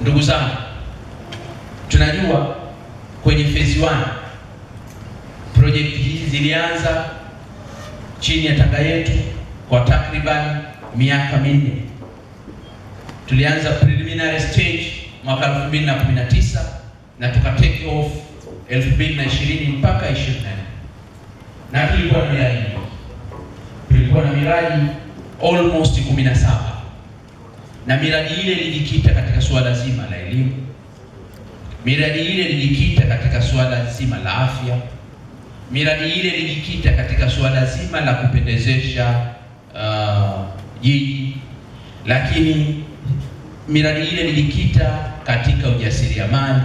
Ndugu zangu, tunajua kwenye phase 1 project hii zilianza chini ya tanga yetu kwa takriban miaka minne. Tulianza preliminary stage mwaka 2019 na tuka take off 2020 mpaka 24 na tulikuwa na miradi tulikuwa na miradi almost 17 na miradi ile ilijikita katika suala zima la elimu, miradi ile ilijikita katika suala zima la afya, miradi ile ilijikita katika suala zima la kupendezesha uh, jiji, lakini miradi ile ilijikita katika ujasiriamali,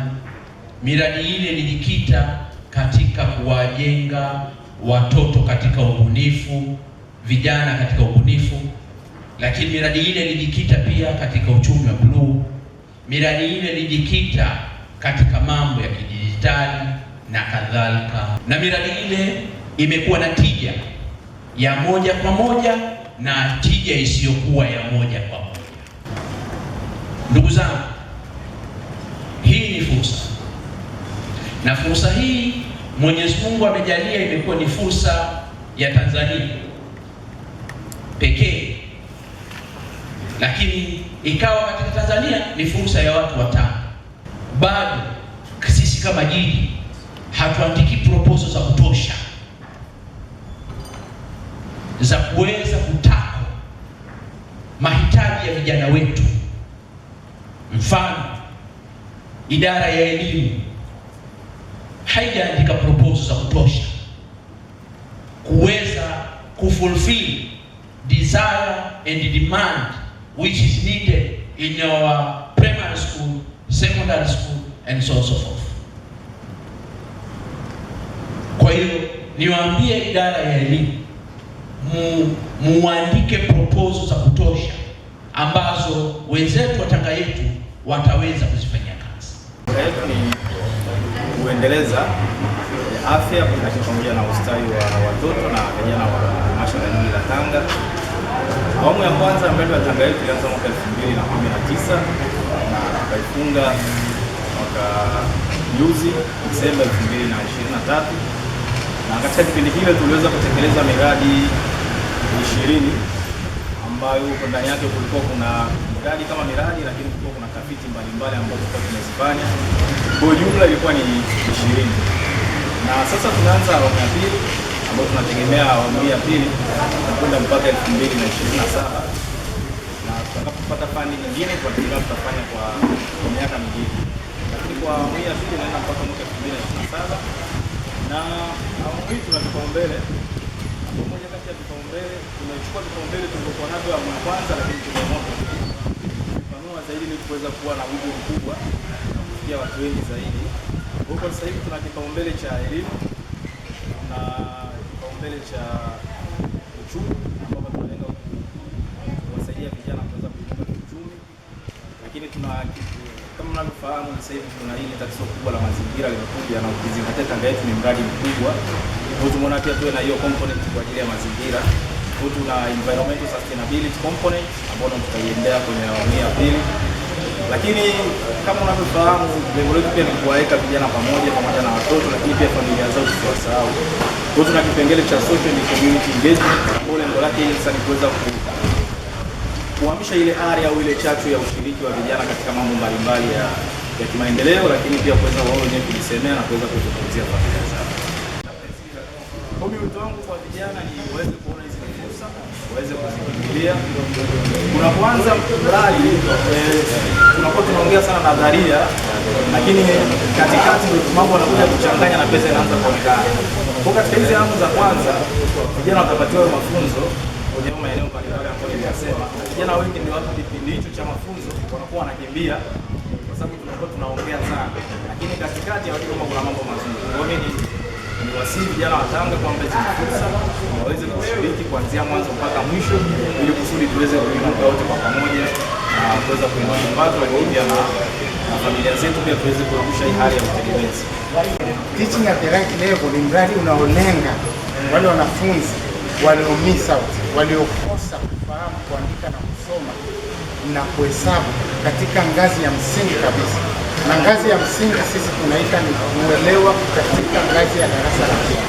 miradi ile ilijikita katika kuwajenga watoto katika ubunifu, vijana katika ubunifu lakini miradi ile ilijikita pia katika uchumi wa bluu. Miradi ile ilijikita katika mambo ya kidijitali na kadhalika, na miradi ile imekuwa na tija ya moja kwa moja na tija isiyokuwa ya moja kwa moja. Ndugu zangu, hii ni fursa, na fursa hii Mwenyezi Mungu amejalia imekuwa ni fursa ya Tanzania pekee lakini ikawa katika Tanzania ni fursa ya watu watano. Bado sisi kama jiji hatuandiki proposal za kutosha za kuweza kutaka mahitaji ya vijana wetu. Mfano, idara ya elimu haijaandika proposal za kutosha kuweza kufulfill desire and demand which is needed in your primary school, secondary school and so so forth. Kwa hiyo niwaambie idara ya elimu mu, muandike proposal za kutosha ambazo wenzetu wa Tanga yetu wataweza kuzifanyia kazi. Kuendeleza afya pamoja na ustawi wa watoto na vijana wa halmashauri ya jiji la Tanga. Awamu ya kwanza Mbele Tanga Tangawizi ilianza mwaka 2019 na tukaifunga mwaka juzi Desemba 2023, na katika kipindi kile tuliweza kutekeleza miradi ishirini ambayo kwa ndani yake kulikuwa kuna miradi kama miradi, lakini kulikuwa kuna tafiti mbalimbali ambazo tulikuwa tumezifanya. Kwa jumla ilikuwa ni ishirini, na sasa tunaanza awamu ya pili ambao tunategemea awamu ya pili kwenda mpaka elfu mbili na ishirini na saba na tutakapopata fani nyingine kwa kila tutafanya kwa miaka mingine, lakini kwa awamu ya pili inaenda mpaka mwaka elfu mbili na ishirini na saba na awamu hii tuna vipaumbele moja kati ya vipaumbele tumechukua vipaumbele tulivyokuwa navyo awamu ya kwanza, lakini tumeamua kupanua zaidi ili kuweza kuwa na wigo mkubwa na kufikia watu wengi zaidi. Huko sasa hivi tuna kipaumbele cha elimu na kipengele cha uchumi ambapo tunalenga kuwasaidia vijana kuweza kuinuka kiuchumi, lakini tuna kama mnavyofahamu sasa hivi kuna hili tatizo kubwa la mazingira limekuja, na ukizingatia Tanga yetu ni mradi mkubwa, kwa tumeona pia tuwe na hiyo component kwa ajili ya mazingira. Kwa tuna environmental sustainability component ambayo tutaiendea kwenye awamu ya pili lakini kama unavyofahamu lengo letu pia ni kuwaweka vijana pamoja pamoja na watoto, lakini pia familia zao tusiwasahau. Kwa hiyo tuna kipengele cha social ni community engagement, ambao lengo lake sasa ni kuweza kuhamisha ile ari au ile chachu ya ushiriki wa vijana katika mambo mbalimbali ya, ya kimaendeleo, lakini pia kuweza wao wenyewe kujisemea na kuweza kuzungumzia familia zao. Kwa hiyo wito wangu kwa vijana ni waweze kuona hizi fursa, waweze kufikiria. Unapoanza mradi eh, tunakuwa eh, tunaongea sana nadharia, lakini katikati mambo yanakuja kuchanganya na pesa inaanza kuonekana. Kwa katika hizi awamu za kwanza vijana watapatiwa mafunzo kwenye maeneo mbalimbali ambayo niliyasema. Vijana wengi ni watu kipindi hicho cha mafunzo wanakuwa wanakimbia, kwa sababu tunakuwa tunaongea sana, lakini katikati kuna mambo mazuri. Niwasihi vijana wa Tanga kwamba hizi fursa waweze kushiriki kuanzia mwanzo mpaka mwisho, ili kusudi tuweze kuinuka wote kwa pamoja na kuweza kuinua kipato, lakini pia na familia zetu, pia tuweze kuepusha hii hali ya utegemezi. Teaching at the right level ni mradi unaolenga wale wanafunzi walio miss out, waliokosa kufahamu kuandika na kusoma na kuhesabu katika ngazi ya msingi kabisa na ngazi ya msingi sisi tunaita ni uelewa katika ngazi ya darasa la pili.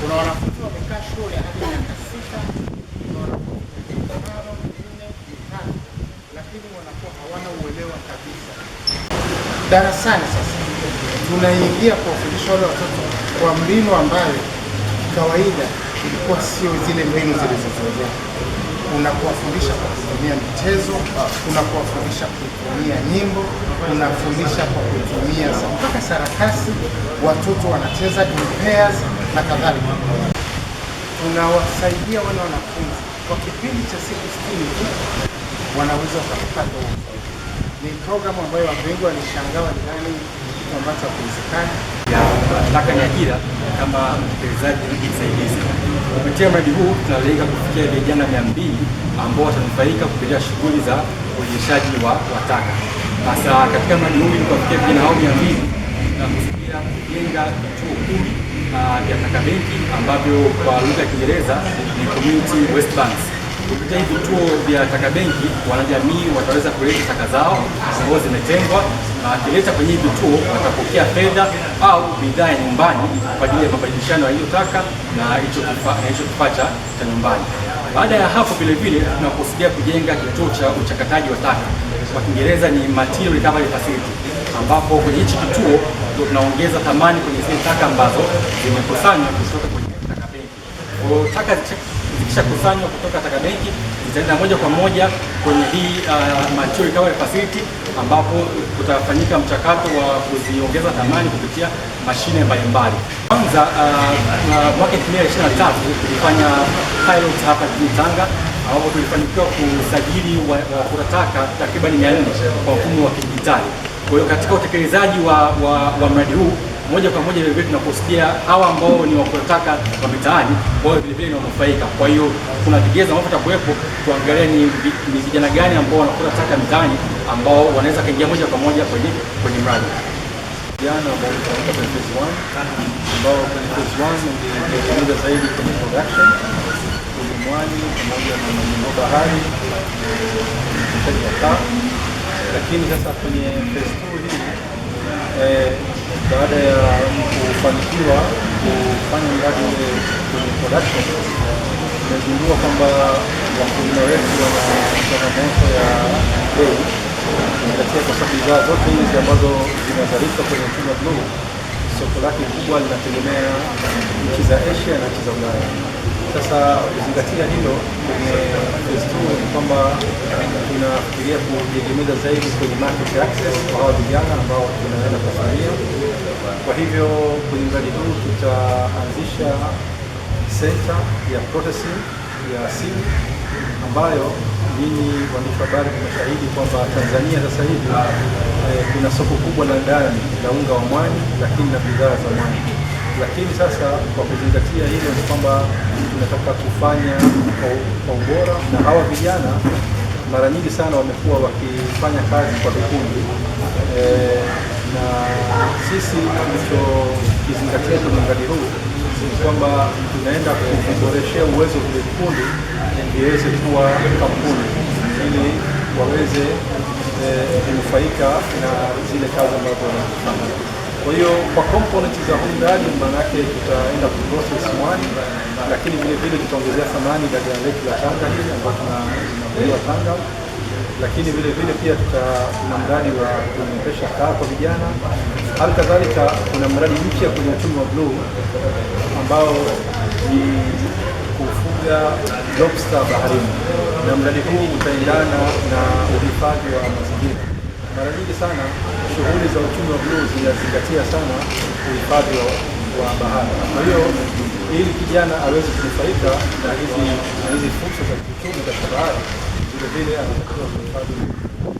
Kuna wanafunzi wamekaa shule hadi miaka sita, tano, nne, lakini wanakuwa hawana uelewa kabisa. Darasani sasa tunaingia kuwafundisha wale watoto kwa mbinu ambayo kawaida ilikuwa sio zile mbinu zilizozoea kuna kuwafundisha kwa kutumia michezo, kuna kuwafundisha kwa kutumia nyimbo, kunafundisha kwa kutumia mpaka sarakasi, watoto wanacheza in pairs na kadhalika. Tunawasaidia wale wanafunzi kwa kipindi cha siku 60 tu wanaweza wakapata. Ni programu ambayo watu wengi walishangaa, walidhani kitu ambacho hakiwezekani. Nataka ni ajira kama mtekelezaji msaidizi Kupitia mradi huu tunalenga kufikia vijana mia mbili ambao watanufaika kupitia shughuli za urejeshaji wa taka. Sasa katika mradi huu ili kuwafikia vijana hao mia mbili tunakusudia kujenga vituo kumi ah, vya taka benki ambavyo kwa lugha ya Kiingereza ni community waste banks kupitia hivi vituo vya taka benki, wanajamii wataweza kuleta taka zao ambazo zimetengwa, na wakileta kwenye hivi vituo watapokea fedha au bidhaa ya nyumbani kwa ajili ya mabadilishano ya hiyo taka na hicho kifaa cha nyumbani. Baada ya hapo, vilevile tunakusudia kujenga kituo cha uchakataji wa taka, kwa Kiingereza ni material recovery facility, ambapo kwenye hichi kituo ndio tunaongeza thamani kwenye zile taka ambazo zimekusanywa kutoka kwenye taka benki. Taka zikishakusanywa kutoka taka benki zitaenda moja kwa moja kwenye hii uh, mature recovery facility ambapo kutafanyika mchakato wa kuziongeza thamani kupitia mashine mbalimbali. Kwanza uh, uh, mwaka 2023 tulifanya pilot hapa jijini Tanga ambapo tulifanikiwa kusajili wakura taka takribani 400 kwa mfumo wa kidijitali. Kwa hiyo katika utekelezaji wa, wa, wa mradi huu moja kwa moja vilevile tunaposikia hawa ambao ni wakuataka wa mitaani, wao vilevile ni wanufaika. Kwa hiyo kuna vigezo ambavyo vitakuwepo kuangalia ni ni vijana gani ambao wanakula taka mitaani ambao wanaweza kaingia moja kwa moja kwenye kwenye mradi vijana ambao watakuwa kwenye phase 1 ambao kwenye phase 1 zaidi kwenye production ulimwani pamoja na majengo bahari ataa, eh, lakini sasa kwenye phase 2 hii eh, baada ya kufanikiwa kufanya mradi ule kwenye production, tumegundua kwamba wakulima wetu wana changamoto ya bei, kuzingatia kwa sababu bidhaa zote hizi ambazo zinazalishwa kwenye uchumi wa bluu soko lake kubwa linategemea nchi za Asia na nchi za Ulaya. Sasa ukizingatia hilo kwenye desturi ni kwamba tunafikiria kujiegemeza zaidi kwenye market access kwa hawa vijana ambao tunaenda kufanyia. Kwa hivyo kwenye mradi huu tutaanzisha senta ya processing ya simu ambayo nyinyi waandishi habari tumeshahidi kwamba Tanzania sasa hivi eh, kuna soko kubwa la ndani la unga wa mwani, lakini na bidhaa za mwani lakini sasa kwa kuzingatia hilo ni kwamba tunataka kufanya kwa ubora, na hawa vijana mara nyingi sana wamekuwa wakifanya kazi kwa vikundi e, na sisi tulichokizingatia kwenye mradi huu ni kwamba tunaenda kuboreshea uwezo wa vikundi viweze kuwa kampuni ili waweze eh, kunufaika e, na zile kazi ambazo wanafanya. Kwa hiyo kwa component za home mradi maana yake tutaenda ku process mwani, lakini vile vile tutaongezea thamani dagaa letu la Tanga hili ambao tunamliwa Tanga, lakini vile vile pia tuna mradi wa kuonyesha kaa kwa vijana. Hali kadhalika kuna mradi mpya kwenye uchumi wa bluu ambao ni kufuga lobster baharini, na mradi huu utaendana na uhifadhi wa mazingira. Mara nyingi sana shughuli za uchumi wa bluu zinazingatia sana uhifadhi wa bahari. Kwa hiyo ili kijana aweze kunufaika na hizi fursa za kiuchumi katika bahari, vilevile anatakiwa kuhifadhi